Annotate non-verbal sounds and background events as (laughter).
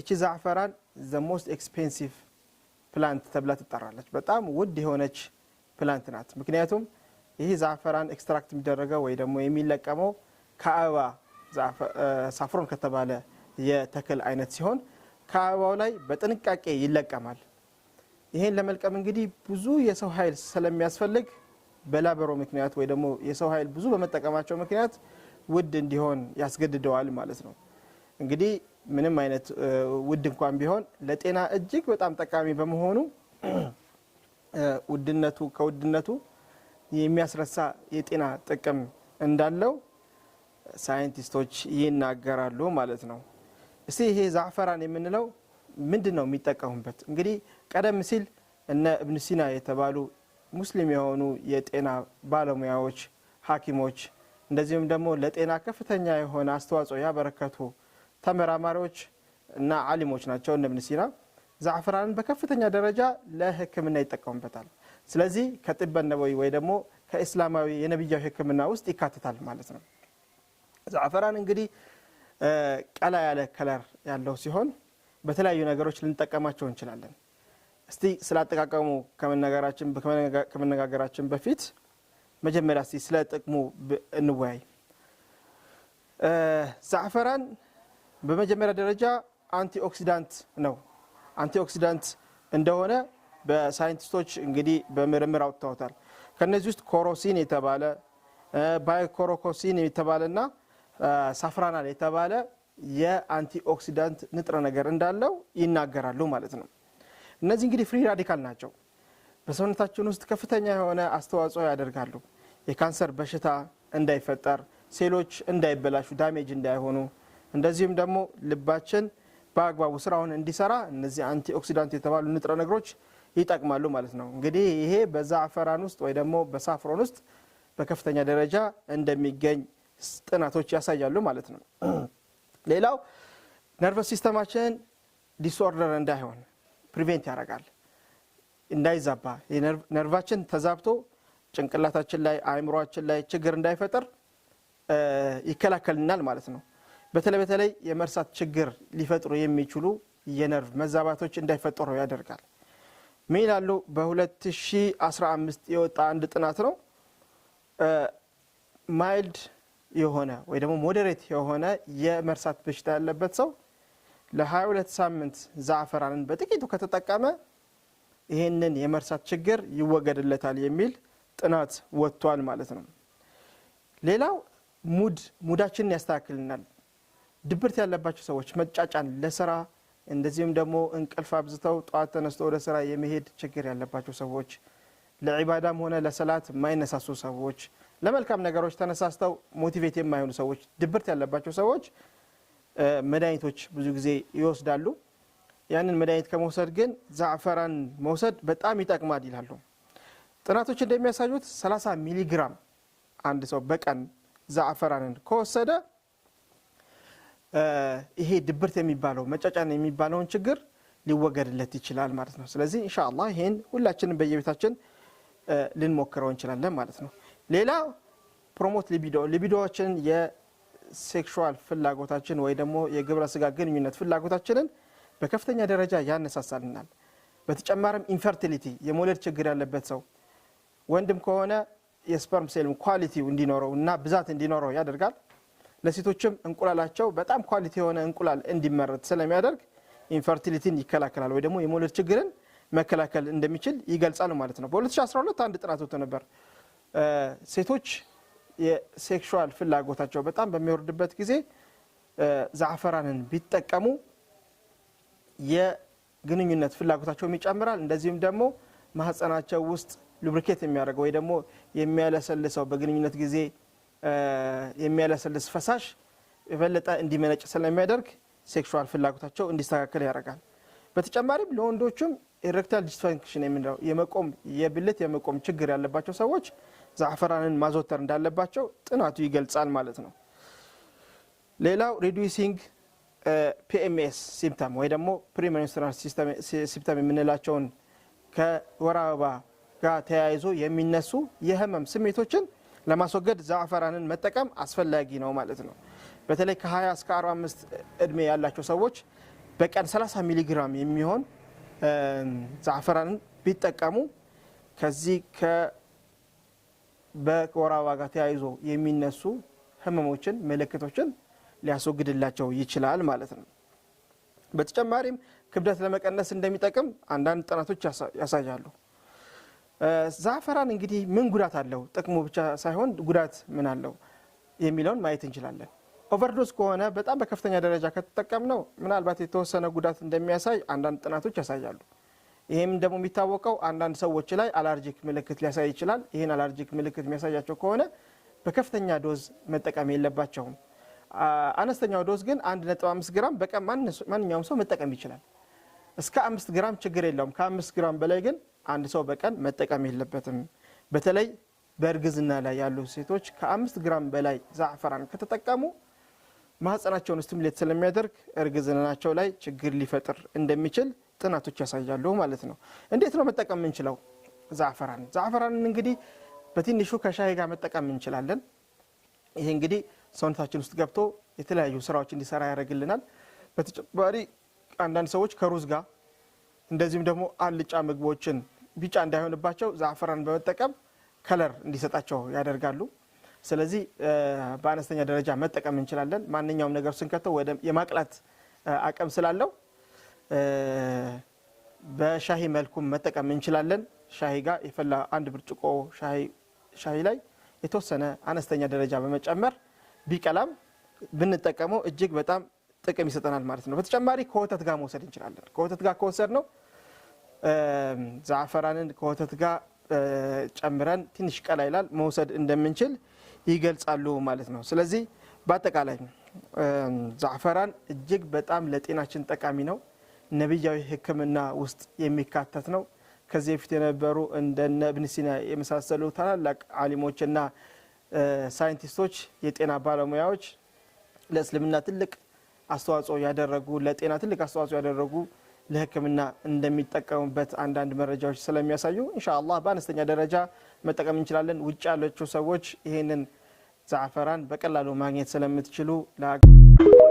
እቺ ዛዕፈራን ዘ ሞስት ኤክስፔንሲቭ ፕላንት ተብላ ትጠራለች። በጣም ውድ የሆነች ፕላንት ናት። ምክንያቱም ይህ ዛዕፈራን ኤክስትራክት የሚደረገው ወይ ደግሞ የሚለቀመው ከአበባ ሳፍሮን ከተባለ የተክል አይነት ሲሆን ከአበባው ላይ በጥንቃቄ ይለቀማል። ይህን ለመልቀም እንግዲህ ብዙ የሰው ኃይል ስለሚያስፈልግ በላበሮ ምክንያት ወይ ደግሞ የሰው ኃይል ብዙ በመጠቀማቸው ምክንያት ውድ እንዲሆን ያስገድደዋል ማለት ነው። እንግዲህ ምንም አይነት ውድ እንኳን ቢሆን ለጤና እጅግ በጣም ጠቃሚ በመሆኑ (clears throat) ውድነቱ ከውድነቱ የሚያስረሳ የጤና ጥቅም እንዳለው ሳይንቲስቶች ይናገራሉ ማለት ነው። እስቲ ይሄ ዛዕፈራን የምንለው ምንድን ነው የሚጠቀሙበት? እንግዲህ ቀደም ሲል እነ እብን ሲና የተባሉ ሙስሊም የሆኑ የጤና ባለሙያዎች ሐኪሞች እንደዚሁም ደግሞ ለጤና ከፍተኛ የሆነ አስተዋጽኦ ያበረከቱ ተመራማሪዎች እና አሊሞች ናቸው። እነ ኢብን ሲና ዛዕፍራንን በከፍተኛ ደረጃ ለሕክምና ይጠቀሙበታል። ስለዚህ ከጥበ ነበዊ ወይ ደግሞ ከእስላማዊ የነቢያዊ ሕክምና ውስጥ ይካትታል ማለት ነው። ዛዕፈራን እንግዲህ ቀላ ያለ ከለር ያለው ሲሆን በተለያዩ ነገሮች ልንጠቀማቸው እንችላለን። እስቲ ስላጠቃቀሙ ከመነጋገራችን በፊት መጀመሪያ እስቲ ስለ ጥቅሙ እንወያይ። ዛዕፈራን በመጀመሪያ ደረጃ አንቲኦክሲዳንት ነው። አንቲኦክሲዳንት እንደሆነ በሳይንቲስቶች እንግዲህ በምርምር አውጥተውታል። ከነዚህ ውስጥ ኮሮሲን የተባለ ባይኮሮኮሲን የተባለና ሳፍራናል የተባለ የአንቲኦክሲዳንት ንጥረ ነገር እንዳለው ይናገራሉ ማለት ነው። እነዚህ እንግዲህ ፍሪ ራዲካል ናቸው። በሰውነታችን ውስጥ ከፍተኛ የሆነ አስተዋጽኦ ያደርጋሉ። የካንሰር በሽታ እንዳይፈጠር፣ ሴሎች እንዳይበላሹ፣ ዳሜጅ እንዳይሆኑ እንደዚሁም ደግሞ ልባችን በአግባቡ ስራውን እንዲሰራ እነዚህ አንቲ ኦክሲዳንት የተባሉ ንጥረ ነገሮች ይጠቅማሉ ማለት ነው። እንግዲህ ይሄ በዛፈራን ውስጥ ወይ ደግሞ በሳፍሮን ውስጥ በከፍተኛ ደረጃ እንደሚገኝ ጥናቶች ያሳያሉ ማለት ነው። ሌላው ነርቨስ ሲስተማችን ዲስኦርደር እንዳይሆን ፕሪቬንት ያደርጋል፣ እንዳይዛባ ነርቫችን ተዛብቶ ጭንቅላታችን ላይ አእምሯችን ላይ ችግር እንዳይፈጠር ይከላከልናል ማለት ነው። በተለይ በተለይ የመርሳት ችግር ሊፈጥሩ የሚችሉ የነርቭ መዛባቶች እንዳይፈጠሩ ያደርጋል። ምን ይላሉ? በ2015 የወጣ አንድ ጥናት ነው። ማይልድ የሆነ ወይ ደግሞ ሞዴሬት የሆነ የመርሳት በሽታ ያለበት ሰው ለ22 ሳምንት ዛፈራንን በጥቂቱ ከተጠቀመ ይህንን የመርሳት ችግር ይወገድለታል የሚል ጥናት ወጥቷል ማለት ነው። ሌላው ሙድ ሙዳችንን ያስተካክልናል። ድብርት ያለባቸው ሰዎች መጫጫን፣ ለስራ እንደዚሁም ደግሞ እንቅልፍ አብዝተው ጠዋት ተነስቶ ወደ ስራ የመሄድ ችግር ያለባቸው ሰዎች፣ ለዒባዳም ሆነ ለሰላት የማይነሳሱ ሰዎች፣ ለመልካም ነገሮች ተነሳስተው ሞቲቬት የማይሆኑ ሰዎች፣ ድብርት ያለባቸው ሰዎች መድኃኒቶች ብዙ ጊዜ ይወስዳሉ። ያንን መድኃኒት ከመውሰድ ግን ዛዕፈራን መውሰድ በጣም ይጠቅማል ይላሉ። ጥናቶች እንደሚያሳዩት 30 ሚሊግራም አንድ ሰው በቀን ዛዕፈራንን ከወሰደ ይሄ ድብርት የሚባለው መጫጫን የሚባለውን ችግር ሊወገድለት ይችላል ማለት ነው። ስለዚህ እንሻላ ይሄን ሁላችንም በየቤታችን ልንሞክረው እንችላለን ማለት ነው። ሌላ ፕሮሞት ሊቢዶ ሊቢዶዎችን የሴክሹዋል ፍላጎታችን ወይ ደግሞ የግብረ ስጋ ግንኙነት ፍላጎታችንን በከፍተኛ ደረጃ ያነሳሳልናል። በተጨማሪም ኢንፈርቲሊቲ የመውለድ ችግር ያለበት ሰው ወንድም ከሆነ የስፐርም ሴል ኳሊቲው እንዲኖረው እና ብዛት እንዲኖረው ያደርጋል። ለሴቶችም እንቁላላቸው በጣም ኳሊቲ የሆነ እንቁላል እንዲመረት ስለሚያደርግ ኢንፈርቲሊቲን ይከላከላል ወይ ደግሞ የመውለድ ችግርን መከላከል እንደሚችል ይገልጻል ማለት ነው። በ2012 አንድ ጥናት ወጥቶ ነበር። ሴቶች የሴክሹዋል ፍላጎታቸው በጣም በሚወርድበት ጊዜ ዛፈራንን ቢጠቀሙ የግንኙነት ፍላጎታቸውም ይጨምራል። እንደዚሁም ደግሞ ማህፀናቸው ውስጥ ሉብሪኬት የሚያደርገው ወይ ደግሞ የሚያለሰልሰው በግንኙነት ጊዜ የሚያለሰልስ ፈሳሽ የበለጠ እንዲመነጭ ስለሚያደርግ ሴክሹዋል ፍላጎታቸው እንዲስተካከል ያደርጋል። በተጨማሪም ለወንዶቹም ኢሬክታል ዲስፋንክሽን የምንለው የመቆም የብልት የመቆም ችግር ያለባቸው ሰዎች ዛፈራንን ማዘወተር እንዳለባቸው ጥናቱ ይገልጻል ማለት ነው። ሌላው ሪዱሲንግ ፒኤምኤስ ሲምፕተም ወይ ደግሞ ፕሪሜንስትራል ሲምፕተም የምንላቸውን ከወር አበባ ጋር ተያይዞ የሚነሱ የህመም ስሜቶችን ለማስወገድ ዛዕፈራንን መጠቀም አስፈላጊ ነው ማለት ነው። በተለይ ከ20 እስከ 45 እድሜ ያላቸው ሰዎች በቀን 30 ሚሊግራም የሚሆን ዛዕፈራንን ቢጠቀሙ ከዚህ በወራ አበባ ጋር ተያይዞ የሚነሱ ህመሞችን፣ ምልክቶችን ሊያስወግድላቸው ይችላል ማለት ነው። በተጨማሪም ክብደት ለመቀነስ እንደሚጠቅም አንዳንድ ጥናቶች ያሳያሉ። ዛፈራን እንግዲህ ምን ጉዳት አለው? ጥቅሙ ብቻ ሳይሆን ጉዳት ምን አለው የሚለውን ማየት እንችላለን። ኦቨርዶስ ከሆነ በጣም በከፍተኛ ደረጃ ከተጠቀም ነው ምናልባት የተወሰነ ጉዳት እንደሚያሳይ አንዳንድ ጥናቶች ያሳያሉ። ይህም ደግሞ የሚታወቀው አንዳንድ ሰዎች ላይ አላርጂክ ምልክት ሊያሳይ ይችላል። ይህን አላርጂክ ምልክት የሚያሳያቸው ከሆነ በከፍተኛ ዶዝ መጠቀም የለባቸውም። አነስተኛው ዶዝ ግን አንድ አምስት ግራም በቀን ማንኛውም ሰው መጠቀም ይችላል። እስከ አምስት ግራም ችግር የለውም። ከአምስት ግራም በላይ ግን አንድ ሰው በቀን መጠቀም የለበትም። በተለይ በእርግዝና ላይ ያሉ ሴቶች ከአምስት ግራም በላይ ዛዕፈራን ከተጠቀሙ ማህፀናቸውን ስቲሙሌት ስለሚያደርግ እርግዝናቸው ላይ ችግር ሊፈጥር እንደሚችል ጥናቶች ያሳያሉ ማለት ነው። እንዴት ነው መጠቀም የምንችለው ዛዕፈራን? ዛዕፈራንን እንግዲህ በትንሹ ከሻይ ጋር መጠቀም እንችላለን። ይሄ እንግዲህ ሰውነታችን ውስጥ ገብቶ የተለያዩ ስራዎች እንዲሰራ ያደርግልናል። በተጨማሪ አንዳንድ ሰዎች ከሩዝ ጋር እንደዚሁም ደግሞ አልጫ ምግቦችን ቢጫ እንዳይሆንባቸው ዛዕፈራን በመጠቀም ከለር እንዲሰጣቸው ያደርጋሉ። ስለዚህ በአነስተኛ ደረጃ መጠቀም እንችላለን። ማንኛውም ነገር ስንከተው ወደ የማቅላት አቅም ስላለው በሻሂ መልኩም መጠቀም እንችላለን። ሻሂ ጋር የፈላ አንድ ብርጭቆ ሻሂ ላይ የተወሰነ አነስተኛ ደረጃ በመጨመር ቢቀላም ብንጠቀመው እጅግ በጣም ጥቅም ይሰጠናል ማለት ነው። በተጨማሪ ከወተት ጋር መውሰድ እንችላለን። ከወተት ጋር ከወሰድ ነው ዛፈራንን ከወተት ጋር ጨምረን ትንሽ ቀላ ይላል መውሰድ እንደምንችል ይገልጻሉ ማለት ነው። ስለዚህ በአጠቃላይ ዛፈራን እጅግ በጣም ለጤናችን ጠቃሚ ነው። ነቢያዊ ሕክምና ውስጥ የሚካተት ነው። ከዚህ በፊት የነበሩ እንደነ እብን ሲና የመሳሰሉ ታላላቅ አሊሞችና ሳይንቲስቶች፣ የጤና ባለሙያዎች ለእስልምና ትልቅ አስተዋጽኦ ያደረጉ ለጤና ትልቅ አስተዋጽኦ ያደረጉ ለሕክምና እንደሚጠቀሙበት አንዳንድ መረጃዎች ስለሚያሳዩ ኢንሻአላህ በአነስተኛ ደረጃ መጠቀም እንችላለን። ውጭ ያለችው ሰዎች ይህንን ዛዕፈራን በቀላሉ ማግኘት ስለምትችሉ